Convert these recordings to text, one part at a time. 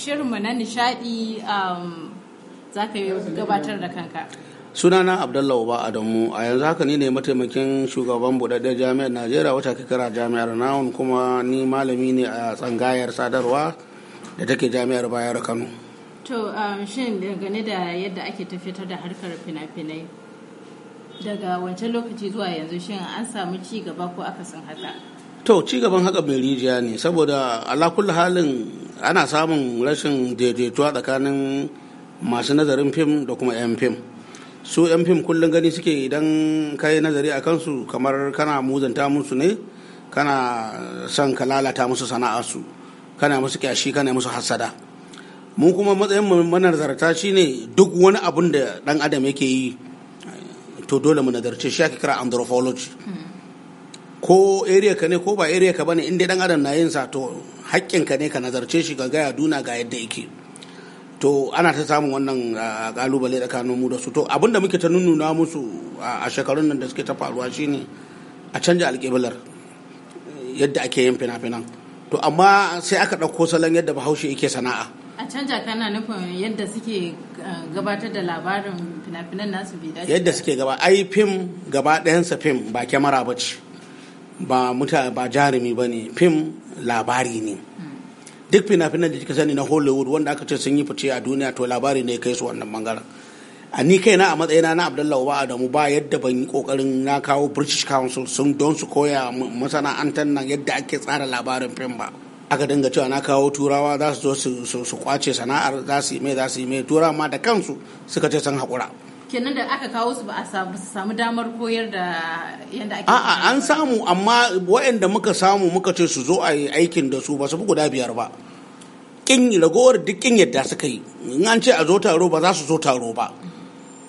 shirinmu na nishadi um, za ka gabatar da kanka. sunana abdullahi uba adamu a yanzu haka ni ne mataimakin shugaban buɗaɗɗen jami'ar najeriya wata kira jami'ar nawon kuma ni malami ne a tsangayar sadarwa da take jami'ar bayar kano to um, shin dangane da yadda ake tafiyar da harkar fina-finai daga wancan lokaci zuwa yanzu shin an samu ci gaba ko akasin haka to ci gaban haka mai rijiya ne saboda ala halin ana samun rashin daidaituwa tsakanin masu nazarin fim da kuma 'yan fim su 'yan fim kullum gani suke idan ka yi nazari a kansu kamar kana muzanta musu ne kana son ka lalata musu sana'arsu kana musu kyashi kana musu hasada mu kuma matsayin manazarta ne duk wani abun da dan adam yake yi to dole mu nazarce shi ake kira anthropology hmm. ko area ka ne ko ba area ka bane inda dan adam na yin sa to haƙƙinka ne ka nazarce shi ga gaya duna ga yadda yake to ana ta samun wannan kalubale tsakanin mu da su to abinda muke ta nuna musu a shekarun nan da suke ta faruwa shine a canja alƙiblar yadda ake yin fina-finan to amma sai aka ɗauko salon yadda bahaushe yake sana'a a canja kana nufin yadda suke gabatar da labarin fina-finan nasu bai dace yadda suke gaba ai fim gaba ɗayansa fim ba kyamara ba ce ba muta ba jarumi ba ne fim labari ne duk fina-finan da kika sani na hollywood wanda aka ce sun yi fice a duniya to labari ne kai su wannan bangaren a ni kai na a matsayina na abdullahi ba adamu ba yadda ban yi kokarin na kawo british council sun don su koya masana'antar nan yadda ake tsara labarin fim ba aka dinga cewa na kawo turawa za su zo su kwace sana'ar za su yi mai za su yi mai turawa ma da kansu suka ce sun haƙura kenan da aka kawo su ba a samu damar koyar da yadda ake a'a an samu amma waɗanda muka samu muka ce su zo a yi aikin da su ba su fi guda biyar ba kin ragowar duk kin yadda suka yi in an ce a zo taro ba za su zo taro ba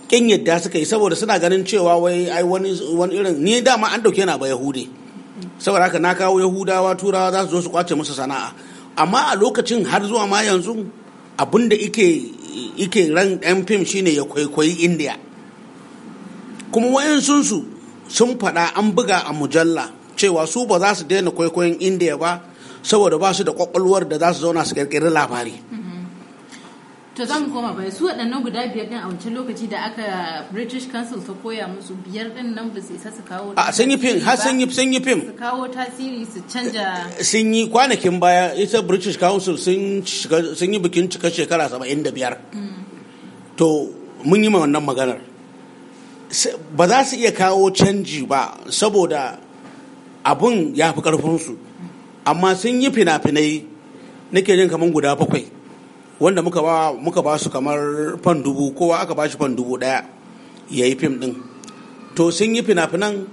kin yadda suka yi saboda suna ganin cewa wai ai wani wani irin ni dama an dauke na ba yahude saboda haka na kawo yahudawa turawa za su zo su kwace musu sana'a amma a lokacin har zuwa ma yanzu abin da ike ike ran ɗan fim shine ya kwaikwayi indiya kuma wayansunsu sun faɗa an buga a mujalla cewa su ba za su daina kwaikwayon indiya ba saboda ba su da kwakwalwar da za su zauna su kirkiri labari to za mu koma bai su waɗannan guda biyar din a wancan lokaci da aka british council ta koya musu biyar din nan ba su isa su kawo a sun yi fim har sun yi sun yi fim su kawo tasiri su canja eh, sun yi kwanakin baya ita british council sun sun yi bikin cika shekara 75 hmm. to mun yi ma wannan maganar ba za su iya kawo canji ba saboda abun ya fi ƙarfinsu. Hmm. amma sun yi fina-finai nake jin kamar guda bakwai wanda muka ba muka ba su kamar fan dubu kowa aka ba shi fan dubu daya ya yi fim din to sun yi fina-finan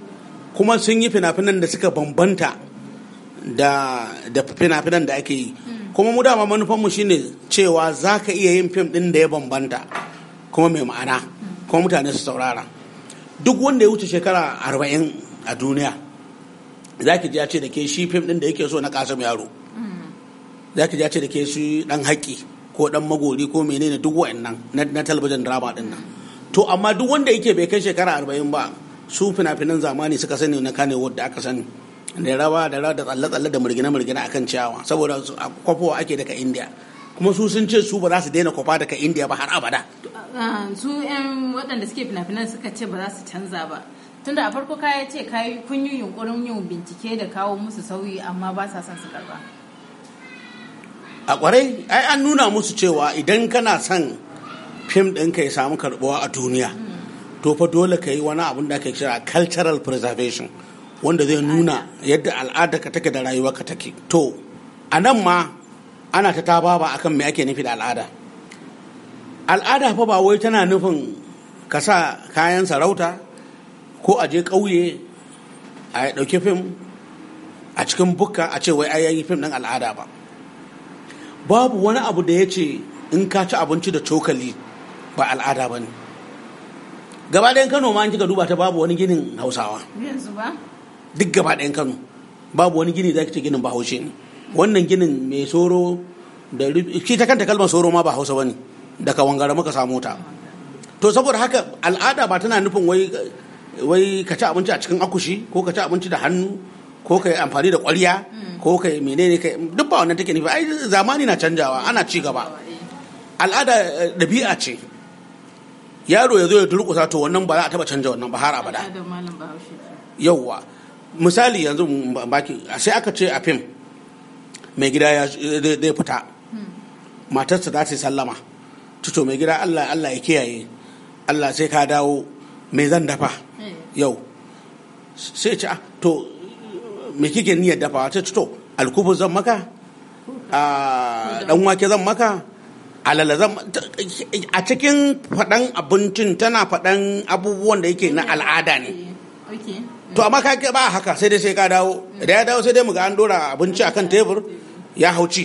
kuma sun yi fina-finan da suka bambanta da da fina-finan da ake yi hmm. kuma mu dama manufanmu shine cewa za ka iya yin fim din da ya bambanta kuma mai ma'ana kuma mutane su saurara duk wanda ya wuce shekara arba'in a duniya za ki ce da ke shi fim din da yake so na kasam yaro hmm. za ki ce da ke shi dan haƙƙi ko dan magori ko menene duk wa'annan na talabijin drama din nan to amma duk wanda yake bai kai shekara arba'in ba su fina-finan zamani suka sani na kane da aka sani da rawa da rawa da tsalle-tsalle da murgina-murgina akan ciyawa saboda kwafowa ake daga india kuma su sun ce su ba za su daina kwafa daga india ba har abada su yan waɗanda suke fina-finan suka ce ba za su canza ba tunda a farko kaya ce kun yi yunkurin yin bincike da kawo musu sauyi amma ba sa son su karba a kwarai ai an nuna musu cewa idan kana son fim ɗinka ya samu karɓuwa a duniya to fa dole ka yi wani abun da ake kira cultural preservation wanda zai nuna yadda al'ada ka take da rayuwa ka take to a nan ma ana ta tababa akan me ake nufi da al'ada al'ada fa ba wai tana nufin ka sa kayan sarauta ko a je ƙauye a ɗauki fim a cikin bukka a ce wai ai yi fim ɗin al'ada ba babu wani abu da ya ce in ka ci abinci da cokali ba al'ada ba ne gaba ɗayan kano ma an kika duba ta babu wani ginin hausawa duk gaba ɗayan kano babu wani gini da ake ginin bahaushe ne wannan ginin mai soro da shi ta kanta kalmar soro ma ba hausa ba ne daga wangara muka samu ta to saboda haka al'ada ba tana nufin wai wai ka ci abinci a cikin akushi ko ka ci abinci da hannu ko ka yi amfani da ƙwarya ko kai menene kai duk ba wannan take nufi ai zamani na canjawa ana ci gaba al'ada eh, ɗabi'a ce yaro ya zo ya durkusa to wannan ba za a taɓa canja wannan ba har abada yauwa misali yanzu mm, baki sai aka ce a fim mai gida zai fita hmm. matarsa za ta yi sallama tuto mai gida allah allah ya kiyaye allah sai ka dawo mai zan dafa yau sai ce ah, to me kike niyyar dafawa ta to alkubu zan maka a dan wake zan maka alala zan a cikin faɗan abincin tana faɗan abubuwan da yake na al'ada ne to amma ka ba haka sai dai sai ka dawo da ya dawo sai dai mu ga an dora abinci akan tebur ya hauci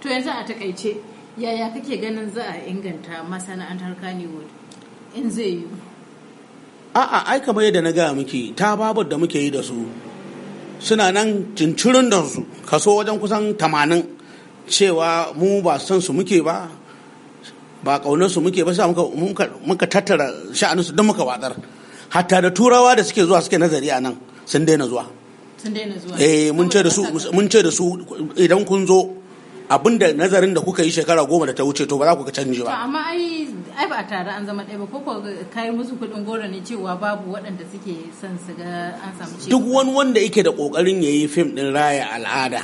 to yanzu a takaice yaya kake ganin za a inganta masana'antar Kannywood in zai yi a'a ai kamar yadda na gaya miki ta babar da muke yi da su suna nan cincirin da su kaso wajen kusan tamanin cewa mu ba san su muke ba ba kaunar su muke ba sa muka tattara sha'anin su don muka watsar hatta da turawa da suke zuwa suke nazari a nan sun daina zuwa eh mun ce da su idan kun zo Abin da nazarin da kuka yi shekara goma da ta wuce to ba za ku ka canji ba. amma ai ai ba tare an zama ɗaya ba ko kai musu kuɗin goro ne cewa babu waɗanda suke son su ga an samu ci. duk wani wanda yake da ƙoƙarin ya yi fim ɗin raya al'ada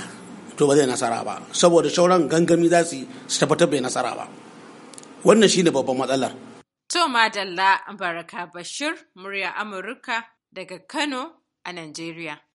to ba zai nasara ba saboda shauran gangami za su su tabbatar bai nasara ba wannan shine babban matsalar. to madalla baraka bashir murya amurka daga kano a najeriya.